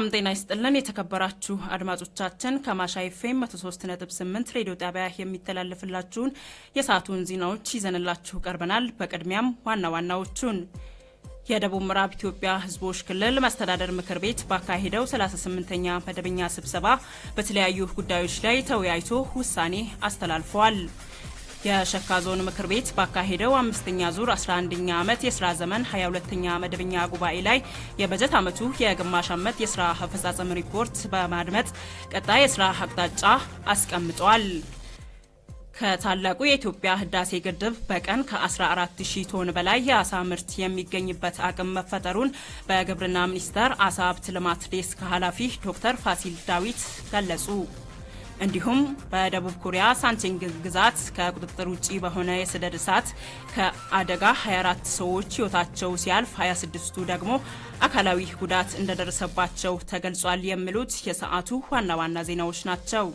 ሰላም ጤና ይስጥልን። የተከበራችሁ አድማጮቻችን ከማሻ ኤፍኤም ስምንት ሬዲዮ ጣቢያ የሚተላለፍላችሁን የሰዓቱን ዜናዎች ይዘንላችሁ ቀርበናል። በቅድሚያም ዋና ዋናዎቹን የደቡብ ምዕራብ ኢትዮጵያ ሕዝቦች ክልል መስተዳደር ምክር ቤት ባካሄደው 38ኛ መደበኛ ስብሰባ በተለያዩ ጉዳዮች ላይ ተወያይቶ ውሳኔ አስተላልፈዋል። የሸካ ዞን ምክር ቤት ባካሄደው አምስተኛ ዙር 11ኛ ዓመት የስራ ዘመን 22ኛ መደበኛ ጉባኤ ላይ የበጀት ዓመቱ የግማሽ ዓመት የስራ አፈጻጸም ሪፖርት በማድመጥ ቀጣይ የስራ አቅጣጫ አስቀምጧል። ከታላቁ የኢትዮጵያ ህዳሴ ግድብ በቀን ከ14000 ቶን በላይ የአሳ ምርት የሚገኝበት አቅም መፈጠሩን በግብርና ሚኒስቴር አሳ ሀብት ልማት ዴስክ ኃላፊ ዶክተር ፋሲል ዳዊት ገለጹ። እንዲሁም በደቡብ ኮሪያ ሳንቺንግ ግዛት ከቁጥጥር ውጭ በሆነ የስደድ እሳት ከአደጋ 24 ሰዎች ህይወታቸው ሲያልፍ 26ቱ ደግሞ አካላዊ ጉዳት እንደደረሰባቸው ተገልጿል። የሚሉት የሰዓቱ ዋና ዋና ዜናዎች ናቸው።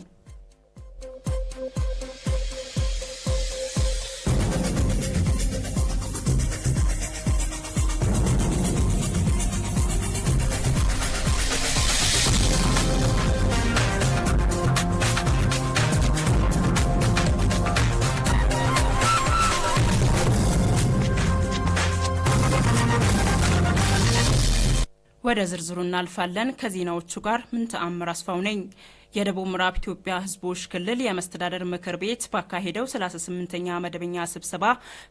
ወደ ዝርዝሩ እናልፋለን። ከዜናዎቹ ጋር ምን ተአምር አስፋው ነኝ። የደቡብ ምዕራብ ኢትዮጵያ ህዝቦች ክልል የመስተዳደር ምክር ቤት ባካሄደው 38ኛ መደበኛ ስብሰባ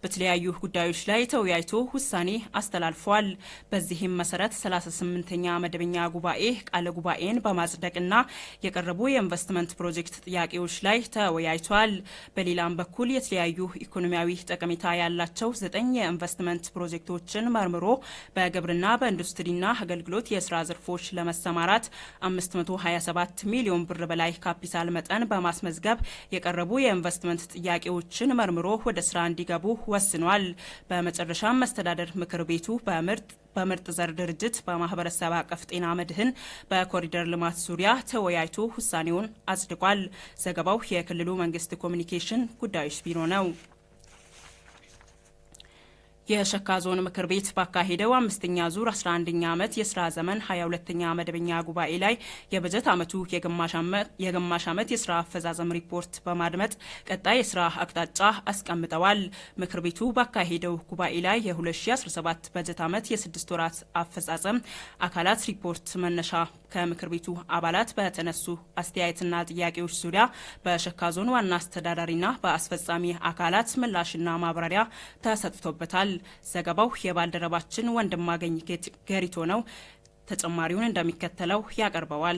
በተለያዩ ጉዳዮች ላይ ተወያይቶ ውሳኔ አስተላልፏል። በዚህም መሰረት 38ኛ መደበኛ ጉባኤ ቃለ ጉባኤን በማጽደቅና የቀረቡ የኢንቨስትመንት ፕሮጀክት ጥያቄዎች ላይ ተወያይቷል። በሌላም በኩል የተለያዩ ኢኮኖሚያዊ ጠቀሜታ ያላቸው ዘጠኝ የኢንቨስትመንት ፕሮጀክቶችን መርምሮ በግብርና በኢንዱስትሪና አገልግሎት የስራ ዘርፎች ለመሰማራት 527 ሚሊዮን ብር በላይ ካፒታል መጠን በማስመዝገብ የቀረቡ የኢንቨስትመንት ጥያቄዎችን መርምሮ ወደ ስራ እንዲገቡ ወስኗል። በመጨረሻም መስተዳደር ምክር ቤቱ በምርጥ በምርጥ ዘር ድርጅት በማህበረሰብ አቀፍ ጤና መድህን በኮሪደር ልማት ዙሪያ ተወያይቶ ውሳኔውን አጽድቋል። ዘገባው የክልሉ መንግስት ኮሚኒኬሽን ጉዳዮች ቢሮ ነው። የሸካ ዞን ምክር ቤት ባካሄደው አምስተኛ ዙር 11ኛ ዓመት የስራ ዘመን 22ኛ መደበኛ ጉባኤ ላይ የበጀት ዓመቱ የግማሽ ዓመት የስራ አፈጻጸም ሪፖርት በማድመጥ ቀጣይ የስራ አቅጣጫ አስቀምጠዋል። ምክር ቤቱ ባካሄደው ጉባኤ ላይ የ2017 በጀት ዓመት የስድስት ወራት አፈጻጸም አካላት ሪፖርት መነሻ ከምክር ቤቱ አባላት በተነሱ አስተያየትና ጥያቄዎች ዙሪያ በሸካ ዞን ዋና አስተዳዳሪና በአስፈጻሚ አካላት ምላሽና ማብራሪያ ተሰጥቶበታል። ዘገባው የባልደረባችን ወንድማገኝ ገሪቶ ነው። ተጨማሪውን እንደሚከተለው ያቀርበዋል።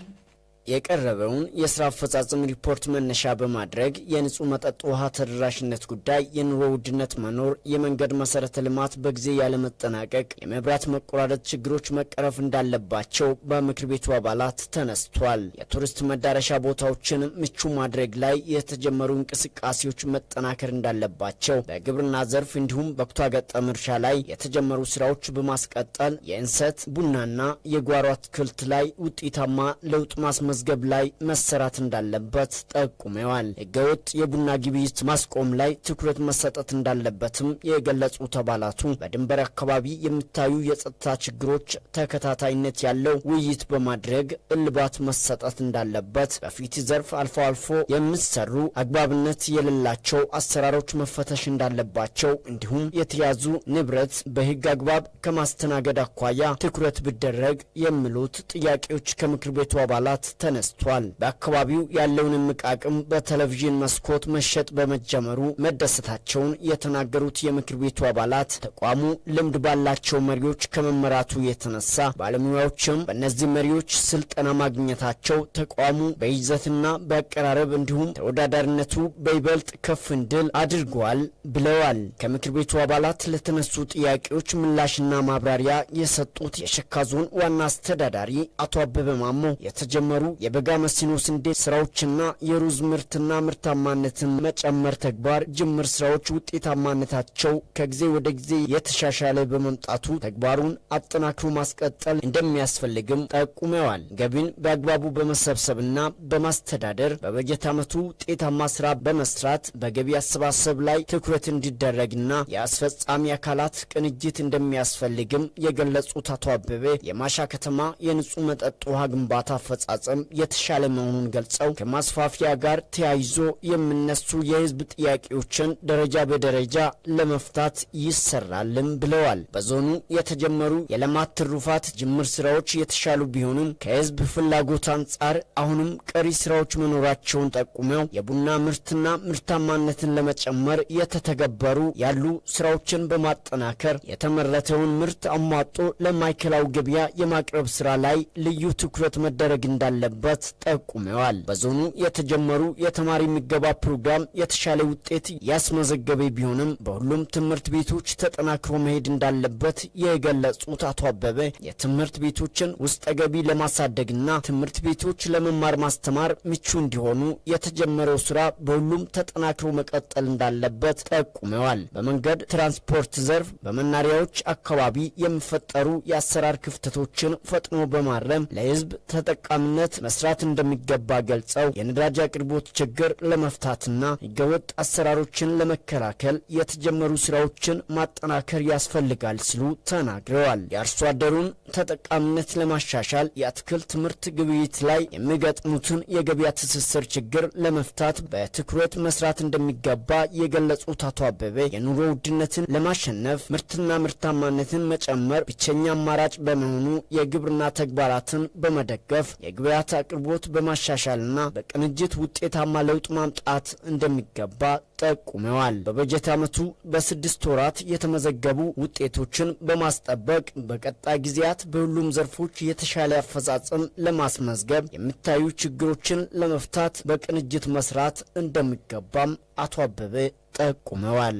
የቀረበውን የስራ አፈጻጸም ሪፖርት መነሻ በማድረግ የንጹህ መጠጥ ውሃ ተደራሽነት ጉዳይ፣ የኑሮ ውድነት መኖር፣ የመንገድ መሰረተ ልማት በጊዜ ያለመጠናቀቅ፣ የመብራት መቆራረጥ ችግሮች መቀረፍ እንዳለባቸው በምክር ቤቱ አባላት ተነስቷል። የቱሪስት መዳረሻ ቦታዎችን ምቹ ማድረግ ላይ የተጀመሩ እንቅስቃሴዎች መጠናከር እንዳለባቸው፣ በግብርና ዘርፍ እንዲሁም በኩታ ገጠም እርሻ ላይ የተጀመሩ ስራዎች በማስቀጠል የእንሰት ቡናና የጓሮ አትክልት ላይ ውጤታማ ለውጥ ማስመ መዝገብ ላይ መሰራት እንዳለበት ጠቁመዋል። ህገወጥ የቡና ግብይት ማስቆም ላይ ትኩረት መሰጠት እንዳለበትም የገለጹት አባላቱ በድንበር አካባቢ የሚታዩ የጸጥታ ችግሮች ተከታታይነት ያለው ውይይት በማድረግ እልባት መሰጠት እንዳለበት፣ በፊት ዘርፍ አልፎ አልፎ የሚሰሩ አግባብነት የሌላቸው አሰራሮች መፈተሽ እንዳለባቸው እንዲሁም የተያዙ ንብረት በህግ አግባብ ከማስተናገድ አኳያ ትኩረት ቢደረግ የሚሉት ጥያቄዎች ከምክር ቤቱ አባላት ተነስቷል። በአካባቢው ያለውን እምቅ አቅም በቴሌቪዥን መስኮት መሸጥ በመጀመሩ መደሰታቸውን የተናገሩት የምክር ቤቱ አባላት ተቋሙ ልምድ ባላቸው መሪዎች ከመመራቱ የተነሳ ባለሙያዎችም በእነዚህ መሪዎች ስልጠና ማግኘታቸው ተቋሙ በይዘትና በአቀራረብ እንዲሁም ተወዳዳሪነቱ በይበልጥ ከፍ እንድል አድርጓል ብለዋል። ከምክር ቤቱ አባላት ለተነሱ ጥያቄዎች ምላሽና ማብራሪያ የሰጡት የሸካ ዞን ዋና አስተዳዳሪ አቶ አበበ ማሞ የተጀመሩ የበጋ መስኖ ስንዴ ስራዎችና የሩዝ ምርትና ምርታማነትን መጨመር ተግባር ጅምር ስራዎች ውጤታማነታቸው ከጊዜ ወደ ጊዜ የተሻሻለ በመምጣቱ ተግባሩን አጠናክሮ ማስቀጠል እንደሚያስፈልግም ጠቁመዋል። ገቢን በአግባቡ በመሰብሰብና በማስተዳደር በበጀት ዓመቱ ውጤታማ ስራ በመስራት በገቢ አሰባሰብ ላይ ትኩረት እንዲደረግና የአስፈጻሚ አካላት ቅንጅት እንደሚያስፈልግም የገለጹት አቶ አበበ የማሻ ከተማ የንጹህ መጠጥ ውሃ ግንባታ አፈጻጸም መጠቀም የተሻለ መሆኑን ገልጸው ከማስፋፊያ ጋር ተያይዞ የሚነሱ የህዝብ ጥያቄዎችን ደረጃ በደረጃ ለመፍታት ይሰራልም ብለዋል። በዞኑ የተጀመሩ የልማት ትሩፋት ጅምር ስራዎች የተሻሉ ቢሆኑም ከህዝብ ፍላጎት አንጻር አሁንም ቀሪ ስራዎች መኖራቸውን ጠቁመው የቡና ምርትና ምርታማነትን ለመጨመር የተተገበሩ ያሉ ስራዎችን በማጠናከር የተመረተውን ምርት አሟጦ ለማዕከላዊ ገበያ የማቅረብ ስራ ላይ ልዩ ትኩረት መደረግ እንዳለ እንዳለበት ጠቁመዋል። በዞኑ የተጀመሩ የተማሪ ምገባ ፕሮግራም የተሻለ ውጤት ያስመዘገበ ቢሆንም በሁሉም ትምህርት ቤቶች ተጠናክሮ መሄድ እንዳለበት የገለጹት አቶ አበበ የትምህርት ቤቶችን ውስጥ ገቢ ለማሳደግና ትምህርት ቤቶች ለመማር ማስተማር ምቹ እንዲሆኑ የተጀመረው ስራ በሁሉም ተጠናክሮ መቀጠል እንዳለበት ጠቁመዋል። በመንገድ ትራንስፖርት ዘርፍ በመናሪያዎች አካባቢ የሚፈጠሩ የአሰራር ክፍተቶችን ፈጥኖ በማረም ለሕዝብ ተጠቃሚነት መስራት እንደሚገባ ገልጸው የነዳጅ አቅርቦት ችግር ለመፍታትና ህገወጥ አሰራሮችን ለመከላከል የተጀመሩ ስራዎችን ማጠናከር ያስፈልጋል ሲሉ ተናግረዋል። የአርሶ አደሩን ተጠቃሚነት ለማሻሻል የአትክልት ምርት ግብይት ላይ የሚገጥሙትን የገበያ ትስስር ችግር ለመፍታት በትኩረት መስራት እንደሚገባ የገለጹት አቶ አበበ የኑሮ ውድነትን ለማሸነፍ ምርትና ምርታማነትን መጨመር ብቸኛ አማራጭ በመሆኑ የግብርና ተግባራትን በመደገፍ የግብያ የግብአት አቅርቦት በማሻሻልና በቅንጅት ውጤታማ ለውጥ ማምጣት እንደሚገባ ጠቁመዋል። በበጀት ዓመቱ በስድስት ወራት የተመዘገቡ ውጤቶችን በማስጠበቅ በቀጣይ ጊዜያት በሁሉም ዘርፎች የተሻለ አፈጻጸም ለማስመዝገብ የሚታዩ ችግሮችን ለመፍታት በቅንጅት መስራት እንደሚገባም አቶ አበበ ጠቁመዋል።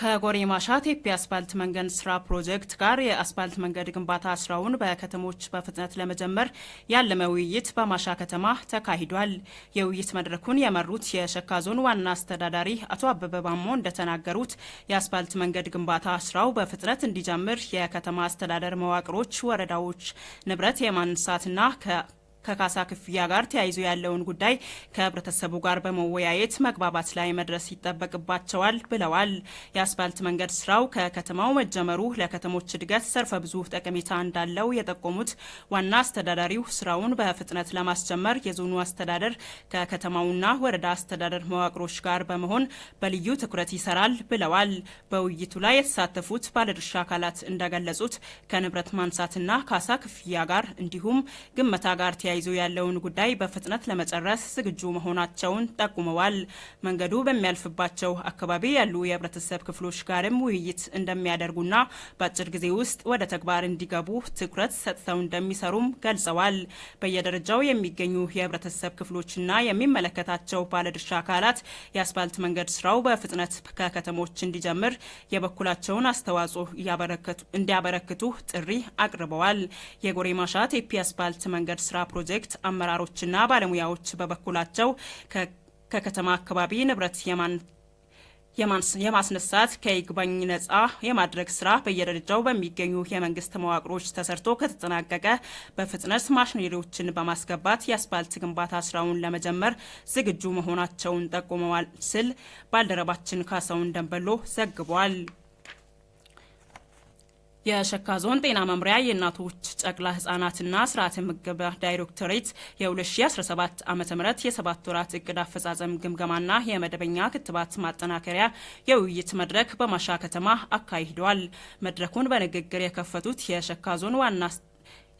ከጎሬማሻ ቴፒ አስፋልት መንገድ ስራ ፕሮጀክት ጋር የአስፋልት መንገድ ግንባታ ስራውን በከተሞች በፍጥነት ለመጀመር ያለመ ውይይት በማሻ ከተማ ተካሂዷል። የውይይት መድረኩን የመሩት የሸካ ዞን ዋና አስተዳዳሪ አቶ አበበ ባሞ እንደተናገሩት የአስፋልት መንገድ ግንባታ ስራው በፍጥነት እንዲጀምር የከተማ አስተዳደር መዋቅሮች፣ ወረዳዎች ንብረት የማንሳትና ከካሳ ክፍያ ጋር ተያይዞ ያለውን ጉዳይ ከህብረተሰቡ ጋር በመወያየት መግባባት ላይ መድረስ ይጠበቅባቸዋል ብለዋል። የአስፋልት መንገድ ስራው ከከተማው መጀመሩ ለከተሞች እድገት ዘርፈ ብዙ ጠቀሜታ እንዳለው የጠቆሙት ዋና አስተዳዳሪው ስራውን በፍጥነት ለማስጀመር የዞኑ አስተዳደር ከከተማውና ወረዳ አስተዳደር መዋቅሮች ጋር በመሆን በልዩ ትኩረት ይሰራል ብለዋል። በውይይቱ ላይ የተሳተፉት ባለድርሻ አካላት እንደገለጹት ከንብረት ማንሳትና ካሳ ክፍያ ጋር እንዲሁም ግመታ ጋር ተያይ ተያይዞ ያለውን ጉዳይ በፍጥነት ለመጨረስ ዝግጁ መሆናቸውን ጠቁመዋል። መንገዱ በሚያልፍባቸው አካባቢ ያሉ የህብረተሰብ ክፍሎች ጋርም ውይይት እንደሚያደርጉና በአጭር ጊዜ ውስጥ ወደ ተግባር እንዲገቡ ትኩረት ሰጥተው እንደሚሰሩም ገልጸዋል። በየደረጃው የሚገኙ የህብረተሰብ ክፍሎችና የሚመለከታቸው ባለድርሻ አካላት የአስፋልት መንገድ ስራው በፍጥነት ከከተሞች እንዲጀምር የበኩላቸውን አስተዋጽኦ እንዲያበረክቱ ጥሪ አቅርበዋል። የጎሬማሻ ቴፒ አስፋልት መንገድ ስራ ፕሮጀክት አመራሮችና ባለሙያዎች በበኩላቸው ከከተማ አካባቢ ንብረት የማስነሳት ከይግባኝ ነጻ የማድረግ ስራ በየደረጃው በሚገኙ የመንግስት መዋቅሮች ተሰርቶ ከተጠናቀቀ በፍጥነት ማሽነሪዎችን በማስገባት የአስፋልት ግንባታ ስራውን ለመጀመር ዝግጁ መሆናቸውን ጠቁመዋል ሲል ባልደረባችን ካሳውን ደንበሎ ዘግቧል። የሸካ ዞን ጤና መምሪያ የእናቶች ጨቅላ ህጻናትና ስርዓተ ምገባ ዳይሬክቶሬት የ2017 ዓ ም የሰባት ወራት እቅድ አፈጻጸም ግምገማና የመደበኛ ክትባት ማጠናከሪያ የውይይት መድረክ በማሻ ከተማ አካሂደዋል። መድረኩን በንግግር የከፈቱት የሸካ ዞን ዋና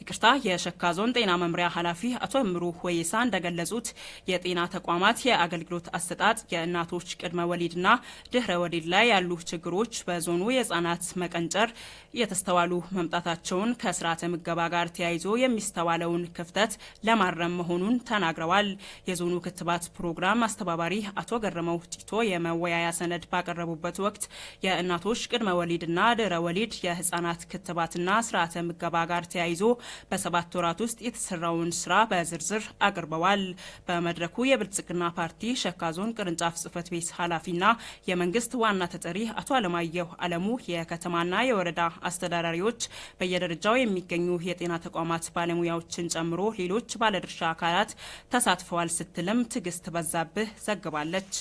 ይቅርታ የሸካ ዞን ጤና መምሪያ ኃላፊ አቶ እምሩ ወይሳ እንደገለጹት የጤና ተቋማት የአገልግሎት አሰጣጥ የእናቶች ቅድመ ወሊድና ድህረ ወሊድ ላይ ያሉ ችግሮች በዞኑ የህጻናት መቀንጨር እየተስተዋሉ መምጣታቸውን ከስርዓተ ምገባ ጋር ተያይዞ የሚስተዋለውን ክፍተት ለማረም መሆኑን ተናግረዋል። የዞኑ ክትባት ፕሮግራም አስተባባሪ አቶ ገረመው ጭቶ የመወያያ ሰነድ ባቀረቡበት ወቅት የእናቶች ቅድመ ወሊድና ድህረ ወሊድ የህጻናት ክትባትና ስርዓተ ምገባ ጋር ተያይዞ በሰባት ወራት ውስጥ የተሰራውን ስራ በዝርዝር አቅርበዋል። በመድረኩ የብልጽግና ፓርቲ ሸካ ዞን ቅርንጫፍ ጽህፈት ቤት ኃላፊና የመንግስት ዋና ተጠሪ አቶ አለማየሁ አለሙ፣ የከተማና የወረዳ አስተዳዳሪዎች፣ በየደረጃው የሚገኙ የጤና ተቋማት ባለሙያዎችን ጨምሮ ሌሎች ባለድርሻ አካላት ተሳትፈዋል ስትልም ትዕግስት በዛብህ ዘግባለች።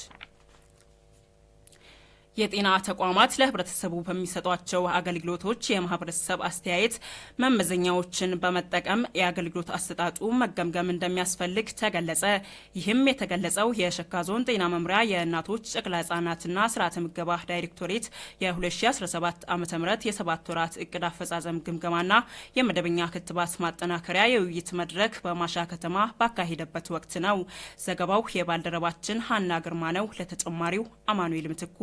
የጤና ተቋማት ለህብረተሰቡ በሚሰጧቸው አገልግሎቶች የማህበረሰብ አስተያየት መመዘኛዎችን በመጠቀም የአገልግሎት አሰጣጡ መገምገም እንደሚያስፈልግ ተገለጸ። ይህም የተገለጸው የሸካ ዞን ጤና መምሪያ የእናቶች ጨቅላ ህጻናትና ስርዓተ ምገባ ዳይሬክቶሬት የ2017 ዓ ም የሰባት ወራት እቅድ አፈጻጸም ግምገማና የመደበኛ ክትባት ማጠናከሪያ የውይይት መድረክ በማሻ ከተማ ባካሄደበት ወቅት ነው። ዘገባው የባልደረባችን ሀና ግርማ ነው። ለተጨማሪው አማኑኤል ምትኩ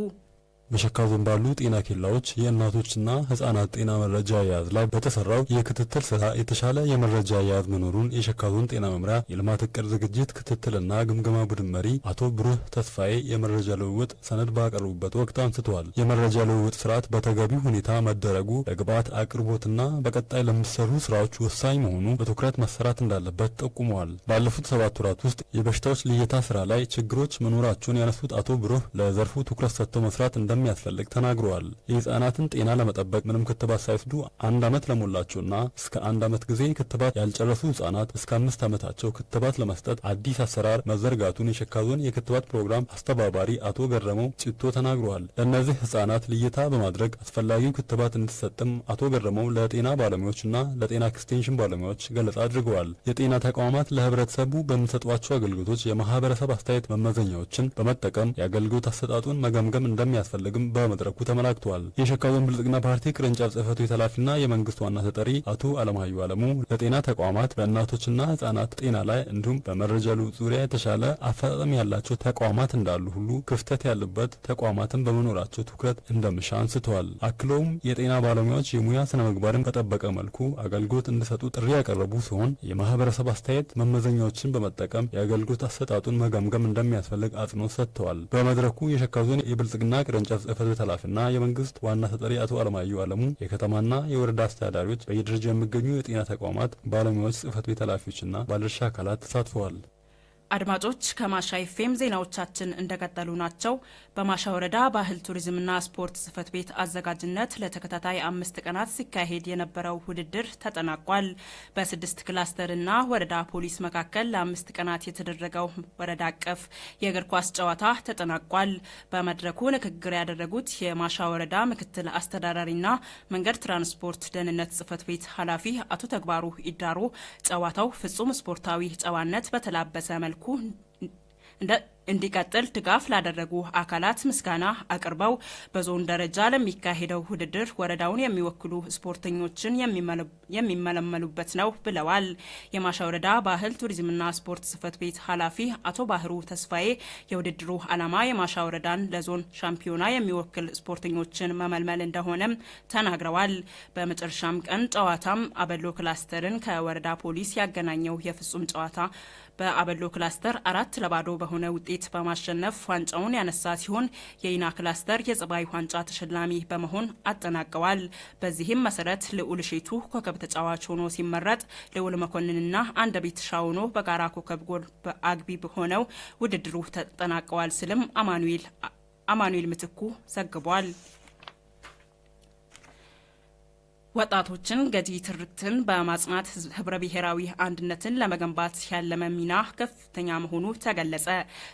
በሸካ ዞን ባሉ ጤና ኬላዎች የእናቶችና ህጻናት ጤና መረጃ አያያዝ ላይ በተሰራው የክትትል ስራ የተሻለ የመረጃ አያያዝ መኖሩን የሸካ ዞን ጤና መምሪያ የልማት እቅድ ዝግጅት ክትትልና ግምገማ ቡድን መሪ አቶ ብሩህ ተስፋዬ የመረጃ ልውውጥ ሰነድ ባቀረቡበት ወቅት አንስተዋል። የመረጃ ልውውጥ ስርዓት በተገቢ ሁኔታ መደረጉ ለግብዓት አቅርቦትና በቀጣይ ለሚሰሩ ስራዎች ወሳኝ መሆኑ በትኩረት መሰራት እንዳለበት ጠቁመዋል። ባለፉት ሰባት ወራት ውስጥ የበሽታዎች ልየታ ስራ ላይ ችግሮች መኖራቸውን ያነሱት አቶ ብሩህ ለዘርፉ ትኩረት ሰጥቶ መስራት እንዳ እንደሚያስፈልግ ተናግረዋል። የህፃናትን ጤና ለመጠበቅ ምንም ክትባት ሳይወስዱ አንድ ዓመት ለሞላቸውና እስከ አንድ ዓመት ጊዜ ክትባት ያልጨረሱ ህጻናት እስከ አምስት ዓመታቸው ክትባት ለመስጠት አዲስ አሰራር መዘርጋቱን የሸካ ዞን የክትባት ፕሮግራም አስተባባሪ አቶ ገረመው ጭቶ ተናግረዋል። ለእነዚህ ህጻናት ልየታ በማድረግ አስፈላጊው ክትባት እንዲሰጥም አቶ ገረመው ለጤና ባለሙያዎችና ለጤና ኤክስቴንሽን ባለሙያዎች ገለጻ አድርገዋል። የጤና ተቋማት ለህብረተሰቡ በሚሰጧቸው አገልግሎቶች የማህበረሰብ አስተያየት መመዘኛዎችን በመጠቀም የአገልግሎት አሰጣጡን መገምገም እንደሚያስፈልግ እንደሚፈለግም በመድረኩ ተመላክቷል። የሸካ ዞን ብልጽግና ፓርቲ ቅርንጫፍ ጽህፈት ቤት ኃላፊና የመንግስት ዋና ተጠሪ አቶ አለማዩ አለሙ ለጤና ተቋማት በእናቶችና ህጻናት ጤና ላይ እንዲሁም በመረጃ ልውውጥ ዙሪያ የተሻለ አፈጻጸም ያላቸው ተቋማት እንዳሉ ሁሉ ክፍተት ያለበት ተቋማትን በመኖራቸው ትኩረት እንደምሻ አንስተዋል። አክለውም የጤና ባለሙያዎች የሙያ ስነ ምግባርን በጠበቀ መልኩ አገልግሎት እንዲሰጡ ጥሪ ያቀረቡ ሲሆን የማህበረሰብ አስተያየት መመዘኛዎችን በመጠቀም የአገልግሎት አሰጣጡን መገምገም እንደሚያስፈልግ አጽንኦት ሰጥተዋል። በመድረኩ የሸካ ዞን የብልጽግና ቅርንጫ ቅርጽ ጽሕፈት ቤት ኃላፊና የመንግስት ዋና ተጠሪ አቶ አለማየሁ አለሙ፣ የከተማና የወረዳ አስተዳዳሪዎች፣ በየደረጃ የሚገኙ የጤና ተቋማት ባለሙያዎች ጽህፈት ቤት ኃላፊዎችና ባለድርሻ አካላት ተሳትፈዋል። አድማጮች ከማሻ ኤፍኤም ዜናዎቻችን እንደቀጠሉ ናቸው። በማሻ ወረዳ ባህል ቱሪዝምና ስፖርት ጽህፈት ቤት አዘጋጅነት ለተከታታይ አምስት ቀናት ሲካሄድ የነበረው ውድድር ተጠናቋል። በስድስት ክላስተርና ወረዳ ፖሊስ መካከል ለአምስት ቀናት የተደረገው ወረዳ አቀፍ የእግር ኳስ ጨዋታ ተጠናቋል። በመድረኩ ንግግር ያደረጉት የማሻ ወረዳ ምክትል አስተዳዳሪና መንገድ ትራንስፖርት ደህንነት ጽሕፈት ቤት ኃላፊ አቶ ተግባሩ ኢዳሮ ጨዋታው ፍጹም ስፖርታዊ ጨዋነት በተላበሰ መልኩ That. እንዲቀጥል ድጋፍ ላደረጉ አካላት ምስጋና አቅርበው በዞን ደረጃ ለሚካሄደው ውድድር ወረዳውን የሚወክሉ ስፖርተኞችን የሚመለመሉበት ነው ብለዋል። የማሻ ወረዳ ባህል ቱሪዝምና ስፖርት ጽፈት ቤት ኃላፊ አቶ ባህሩ ተስፋዬ የውድድሩ ዓላማ የማሻ ወረዳን ለዞን ሻምፒዮና የሚወክል ስፖርተኞችን መመልመል እንደሆነም ተናግረዋል። በመጨረሻም ቀን ጨዋታም አበሎ ክላስተርን ከወረዳ ፖሊስ ያገናኘው የፍጹም ጨዋታ በአበሎ ክላስተር አራት ለባዶ በሆነ ውጤት ውጤት በማሸነፍ ዋንጫውን ያነሳ ሲሆን የኢና ክላስተር የጸባይ ዋንጫ ተሸላሚ በመሆን አጠናቀዋል። በዚህም መሰረት ልዑል ሼቱ ኮከብ ተጫዋች ሆኖ ሲመረጥ፣ ልዑል መኮንንና አንደቤት ሻውኖ በጋራ ኮከብ ጎል አግቢ ሆነው ውድድሩ ተጠናቀዋል አማኑኤል አማኑኤል ምትኩ ዘግቧል። ወጣቶችን ገጂ ትርክትን በማጽናት ህብረ ብሔራዊ አንድነትን ለመገንባት ያለመ ሚና ከፍተኛ መሆኑ ተገለጸ።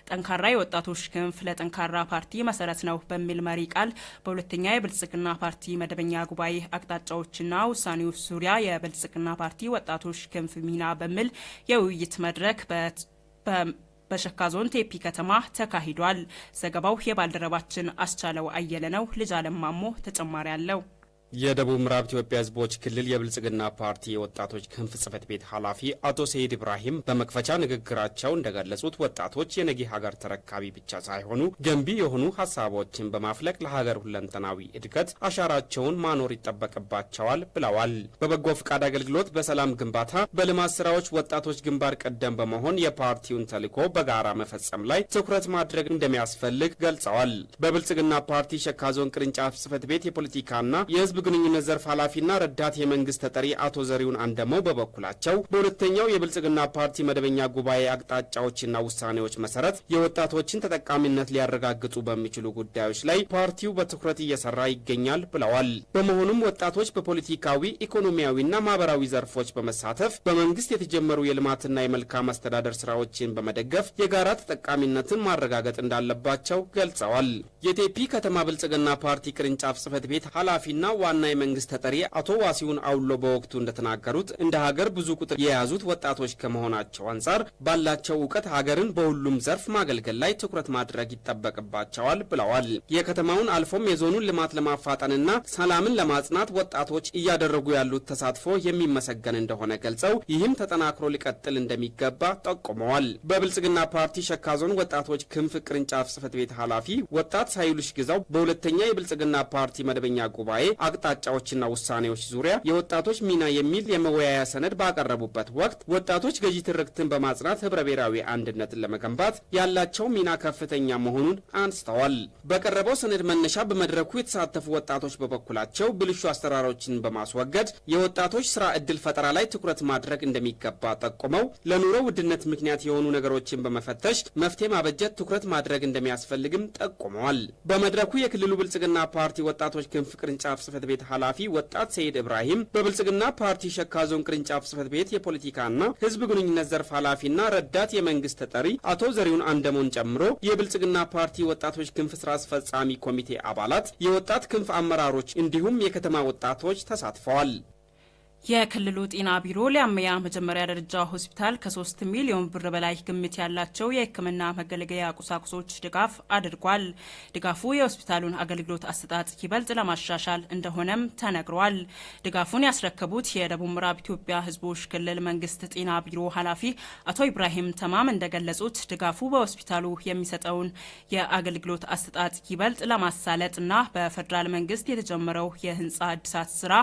ጠንካራ የወጣቶች ክንፍ ለጠንካራ ፓርቲ መሰረት ነው በሚል መሪ ቃል በሁለተኛ የብልጽግና ፓርቲ መደበኛ ጉባኤ አቅጣጫዎችና ውሳኔዎች ዙሪያ የብልጽግና ፓርቲ ወጣቶች ክንፍ ሚና በሚል የውይይት መድረክ በሸካ ዞን ቴፒ ከተማ ተካሂዷል። ዘገባው የባልደረባችን አስቻለው አየለ ነው። ልጅ አለም ማሞ ተጨማሪ አለው። የደቡብ ምዕራብ ኢትዮጵያ ሕዝቦች ክልል የብልጽግና ፓርቲ የወጣቶች ክንፍ ጽህፈት ቤት ኃላፊ አቶ ሰይድ ኢብራሂም በመክፈቻ ንግግራቸው እንደገለጹት ወጣቶች የነገ ሀገር ተረካቢ ብቻ ሳይሆኑ ገንቢ የሆኑ ሀሳቦችን በማፍለቅ ለሀገር ሁለንተናዊ እድገት አሻራቸውን ማኖር ይጠበቅባቸዋል ብለዋል። በበጎ ፈቃድ አገልግሎት፣ በሰላም ግንባታ፣ በልማት ስራዎች ወጣቶች ግንባር ቀደም በመሆን የፓርቲውን ተልዕኮ በጋራ መፈጸም ላይ ትኩረት ማድረግ እንደሚያስፈልግ ገልጸዋል። በብልጽግና ፓርቲ ሸካ ዞን ቅርንጫፍ ጽህፈት ቤት የፖለቲካና የህዝብ ግንኙነት ዘርፍ ኃላፊና ረዳት የመንግስት ተጠሪ አቶ ዘሪሁን አንደመው በበኩላቸው በሁለተኛው የብልጽግና ፓርቲ መደበኛ ጉባኤ አቅጣጫዎችና ውሳኔዎች መሰረት የወጣቶችን ተጠቃሚነት ሊያረጋግጡ በሚችሉ ጉዳዮች ላይ ፓርቲው በትኩረት እየሰራ ይገኛል ብለዋል። በመሆኑም ወጣቶች በፖለቲካዊ ኢኮኖሚያዊና ማህበራዊ ዘርፎች በመሳተፍ በመንግስት የተጀመሩ የልማትና የመልካም አስተዳደር ስራዎችን በመደገፍ የጋራ ተጠቃሚነትን ማረጋገጥ እንዳለባቸው ገልጸዋል። የቴፒ ከተማ ብልጽግና ፓርቲ ቅርንጫፍ ጽህፈት ቤት ኃላፊና ዋና የመንግስት ተጠሪ አቶ ዋሲሁን አውሎ በወቅቱ እንደተናገሩት እንደ ሀገር ብዙ ቁጥር የያዙት ወጣቶች ከመሆናቸው አንጻር ባላቸው እውቀት ሀገርን በሁሉም ዘርፍ ማገልገል ላይ ትኩረት ማድረግ ይጠበቅባቸዋል ብለዋል። የከተማውን አልፎም የዞኑን ልማት ለማፋጠንና ሰላምን ለማጽናት ወጣቶች እያደረጉ ያሉት ተሳትፎ የሚመሰገን እንደሆነ ገልጸው ይህም ተጠናክሮ ሊቀጥል እንደሚገባ ጠቁመዋል። በብልጽግና ፓርቲ ሸካ ዞን ወጣቶች ክንፍ ቅርንጫፍ ጽህፈት ቤት ኃላፊ ወጣት ሳይሉሽ ግዛው በሁለተኛ የብልጽግና ፓርቲ መደበኛ ጉባኤ አቅጣጫዎችና ውሳኔዎች ዙሪያ የወጣቶች ሚና የሚል የመወያያ ሰነድ ባቀረቡበት ወቅት ወጣቶች ገዢ ትርክትን በማጽናት ህብረ ብሔራዊ አንድነትን ለመገንባት ያላቸው ሚና ከፍተኛ መሆኑን አንስተዋል። በቀረበው ሰነድ መነሻ በመድረኩ የተሳተፉ ወጣቶች በበኩላቸው ብልሹ አሰራሮችን በማስወገድ የወጣቶች ስራ እድል ፈጠራ ላይ ትኩረት ማድረግ እንደሚገባ ጠቁመው ለኑሮ ውድነት ምክንያት የሆኑ ነገሮችን በመፈተሽ መፍትሄ ማበጀት ትኩረት ማድረግ እንደሚያስፈልግም ጠቁመዋል። በመድረኩ የክልሉ ብልጽግና ፓርቲ ወጣቶች ክንፍ ቅርንጫፍ ጽህፈት ቤት ኃላፊ ወጣት ሰይድ እብራሂም፣ በብልጽግና ፓርቲ ሸካ ዞን ቅርንጫፍ ጽህፈት ቤት የፖለቲካና ህዝብ ግንኙነት ዘርፍ ኃላፊና ረዳት የመንግስት ተጠሪ አቶ ዘሪሁን አንደሞን ጨምሮ የብልጽግና ፓርቲ ወጣቶች ክንፍ ስራ አስፈጻሚ ኮሚቴ አባላት፣ የወጣት ክንፍ አመራሮች እንዲሁም የከተማ ወጣቶች ተሳትፈዋል። የክልሉ ጤና ቢሮ ሊያመያ መጀመሪያ ደረጃ ሆስፒታል ከሶስት ሚሊዮን ብር በላይ ግምት ያላቸው የሕክምና መገልገያ ቁሳቁሶች ድጋፍ አድርጓል። ድጋፉ የሆስፒታሉን አገልግሎት አሰጣጥ ይበልጥ ለማሻሻል እንደሆነም ተነግሯል። ድጋፉን ያስረከቡት የደቡብ ምዕራብ ኢትዮጵያ ሕዝቦች ክልል መንግስት ጤና ቢሮ ኃላፊ አቶ ኢብራሂም ተማም እንደገለጹት ድጋፉ በሆስፒታሉ የሚሰጠውን የአገልግሎት አሰጣጥ ይበልጥ ለማሳለጥ እና በፌዴራል መንግስት የተጀመረው የህንፃ እድሳት ስራ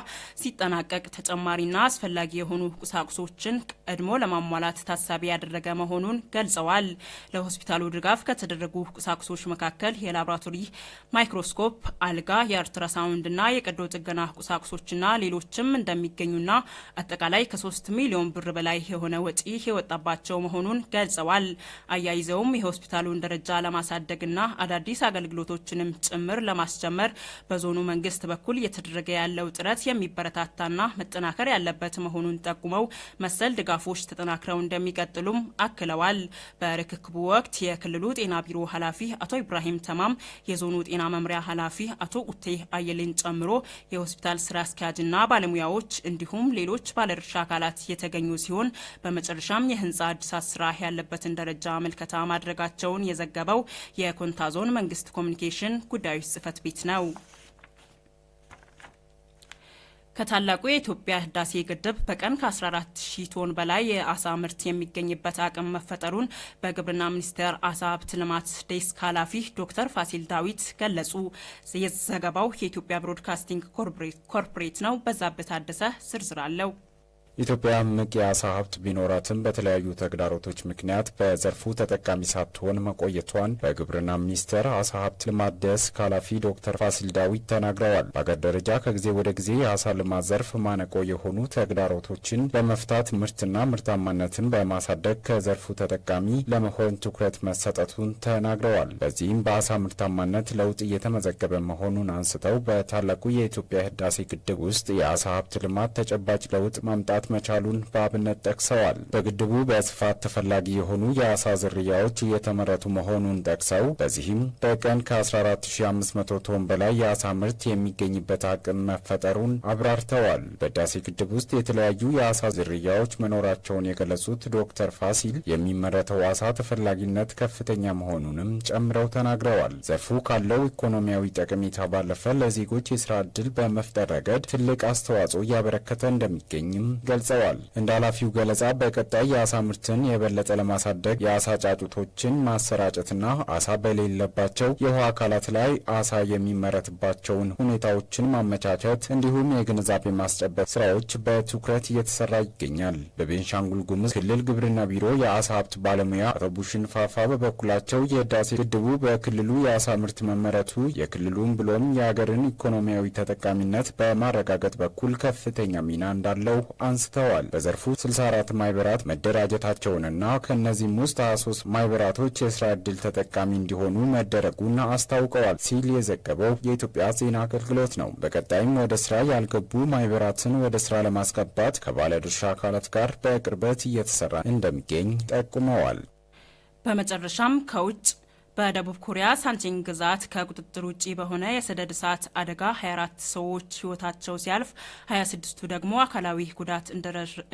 ሲጠናቀቅ ተጨማ ተጨማሪና አስፈላጊ የሆኑ ቁሳቁሶችን ቀድሞ ለማሟላት ታሳቢ ያደረገ መሆኑን ገልጸዋል። ለሆስፒታሉ ድጋፍ ከተደረጉ ቁሳቁሶች መካከል የላቦራቶሪ ማይክሮስኮፕ፣ አልጋ፣ የአልትራሳውንድና የቀዶ ጥገና ቁሳቁሶችና ሌሎችም እንደሚገኙና አጠቃላይ ከሶስት ሚሊዮን ብር በላይ የሆነ ወጪ የወጣባቸው መሆኑን ገልጸዋል። አያይዘውም የሆስፒታሉን ደረጃ ለማሳደግና አዳዲስ አገልግሎቶችንም ጭምር ለማስጀመር በዞኑ መንግስት በኩል እየተደረገ ያለው ጥረት የሚበረታታና መጠናከ መጠናከር ያለበት መሆኑን ጠቁመው መሰል ድጋፎች ተጠናክረው እንደሚቀጥሉም አክለዋል። በርክክቡ ወቅት የክልሉ ጤና ቢሮ ኃላፊ አቶ ኢብራሂም ተማም፣ የዞኑ ጤና መምሪያ ኃላፊ አቶ ቁቴ አየሌን ጨምሮ የሆስፒታል ስራ አስኪያጅና ባለሙያዎች እንዲሁም ሌሎች ባለድርሻ አካላት የተገኙ ሲሆን በመጨረሻም የህንፃ እድሳት ስራ ያለበትን ደረጃ ምልከታ ማድረጋቸውን የዘገበው የኮንታ ዞን መንግስት ኮሚኒኬሽን ጉዳዮች ጽህፈት ቤት ነው። ከታላቁ የኢትዮጵያ ህዳሴ ግድብ በቀን ከ14 ቶን በላይ የአሳ ምርት የሚገኝበት አቅም መፈጠሩን በግብርና ሚኒስቴር አሳ ሀብት ልማት ዴስክ ኃላፊ ዶክተር ፋሲል ዳዊት ገለጹ። የዘገባው የኢትዮጵያ ብሮድካስቲንግ ኮርፖሬት ነው። በዛብህ ታደሰ ዝርዝር አለው። ኢትዮጵያ እምቅ የዓሳ ሀብት ቢኖራትም በተለያዩ ተግዳሮቶች ምክንያት በዘርፉ ተጠቃሚ ሳትሆን መቆየቷን በግብርና ሚኒስቴር ዓሳ ሀብት ልማት ዴስክ ኃላፊ ዶክተር ፋሲል ዳዊት ተናግረዋል። በአገር ደረጃ ከጊዜ ወደ ጊዜ የዓሳ ልማት ዘርፍ ማነቆ የሆኑ ተግዳሮቶችን በመፍታት ምርትና ምርታማነትን በማሳደግ ከዘርፉ ተጠቃሚ ለመሆን ትኩረት መሰጠቱን ተናግረዋል። በዚህም በዓሳ ምርታማነት ለውጥ እየተመዘገበ መሆኑን አንስተው በታላቁ የኢትዮጵያ ህዳሴ ግድብ ውስጥ የዓሳ ሀብት ልማት ተጨባጭ ለውጥ ማምጣት መቻሉን በአብነት ጠቅሰዋል። በግድቡ በስፋት ተፈላጊ የሆኑ የአሳ ዝርያዎች እየተመረቱ መሆኑን ጠቅሰው በዚህም በቀን ከ14500 ቶን በላይ የአሳ ምርት የሚገኝበት አቅም መፈጠሩን አብራርተዋል። በህዳሴ ግድብ ውስጥ የተለያዩ የአሳ ዝርያዎች መኖራቸውን የገለጹት ዶክተር ፋሲል የሚመረተው አሳ ተፈላጊነት ከፍተኛ መሆኑንም ጨምረው ተናግረዋል። ዘርፉ ካለው ኢኮኖሚያዊ ጠቀሜታ ባለፈ ለዜጎች የስራ ዕድል በመፍጠር ረገድ ትልቅ አስተዋጽኦ እያበረከተ እንደሚገኝም ገልጸዋል። እንደ ኃላፊው ገለጻ በቀጣይ የአሳ ምርትን የበለጠ ለማሳደግ የአሳ ጫጩቶችን ማሰራጨትና አሳ በሌለባቸው የውሃ አካላት ላይ አሳ የሚመረትባቸውን ሁኔታዎችን ማመቻቸት እንዲሁም የግንዛቤ ማስጨበጥ ስራዎች በትኩረት እየተሰራ ይገኛል። በቤንሻንጉል ጉሙዝ ክልል ግብርና ቢሮ የአሳ ሀብት ባለሙያ አቶ ቡሽን ፋፋ በበኩላቸው የህዳሴ ግድቡ በክልሉ የአሳ ምርት መመረቱ የክልሉን ብሎም የሀገርን ኢኮኖሚያዊ ተጠቃሚነት በማረጋገጥ በኩል ከፍተኛ ሚና እንዳለው አንስ አንስተዋል። በዘርፉ 64 ማህበራት መደራጀታቸውንና ከእነዚህም ውስጥ 23 ማህበራቶች የስራ ዕድል ተጠቃሚ እንዲሆኑ መደረጉን አስታውቀዋል ሲል የዘገበው የኢትዮጵያ ዜና አገልግሎት ነው። በቀጣይም ወደ ስራ ያልገቡ ማህበራትን ወደ ስራ ለማስገባት ከባለድርሻ አካላት ጋር በቅርበት እየተሰራ እንደሚገኝ ጠቁመዋል። በመጨረሻም ከውጭ በደቡብ ኮሪያ ሳንጂን ግዛት ከቁጥጥር ውጪ በሆነ የሰደድ እሳት አደጋ 24 ሰዎች ሕይወታቸው ሲያልፍ 26ቱ ደግሞ አካላዊ ጉዳት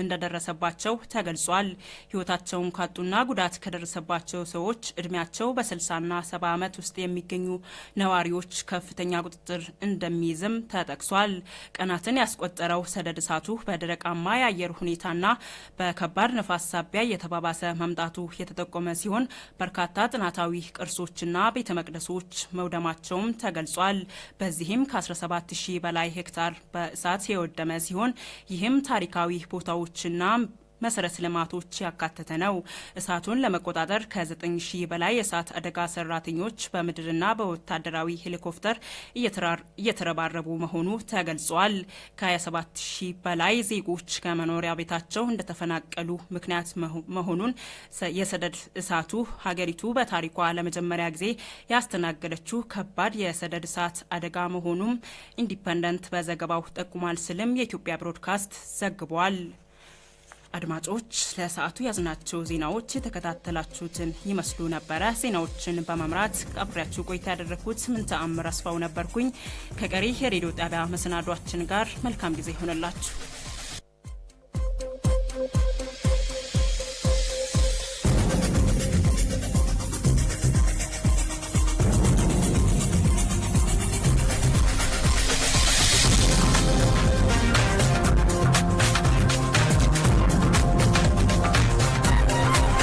እንደደረሰባቸው ተገልጿል። ህይወታቸውን ካጡና ጉዳት ከደረሰባቸው ሰዎች እድሜያቸው በ60ና 70 ዓመት ውስጥ የሚገኙ ነዋሪዎች ከፍተኛ ቁጥጥር እንደሚይዝም ተጠቅሷል። ቀናትን ያስቆጠረው ሰደድ እሳቱ በደረቃማ የአየር ሁኔታና በከባድ ነፋስ ሳቢያ እየተባባሰ መምጣቱ የተጠቆመ ሲሆን በርካታ ጥናታዊ ቅርሶ ቅርሶችና ቤተ መቅደሶች መውደማቸውም ተገልጿል። በዚህም ከ17000 በላይ ሄክታር በእሳት የወደመ ሲሆን ይህም ታሪካዊ ቦታዎችና መሰረት ልማቶች ያካተተ ነው። እሳቱን ለመቆጣጠር ከ9 ሺህ በላይ የእሳት አደጋ ሰራተኞች በምድርና በወታደራዊ ሄሊኮፕተር እየተረባረቡ መሆኑ ተገልጿል። ከ27 ሺህ በላይ ዜጎች ከመኖሪያ ቤታቸው እንደተፈናቀሉ ምክንያት መሆኑን የሰደድ እሳቱ ሀገሪቱ በታሪኳ ለመጀመሪያ ጊዜ ያስተናገደችው ከባድ የሰደድ እሳት አደጋ መሆኑም ኢንዲፐንደንት በዘገባው ጠቁሟል ሲልም የኢትዮጵያ ብሮድካስት ዘግቧል። አድማጮች ለሰዓቱ ያዝናቸው ዜናዎች የተከታተላችሁትን ይመስሉ ነበረ። ዜናዎችን በመምራት አብሬያችሁ ቆይታ ያደረግኩት ምንተአምር አስፋው ነበርኩኝ። ከቀሪ የሬዲዮ ጣቢያ መሰናዷችን ጋር መልካም ጊዜ ይሆንላችሁ።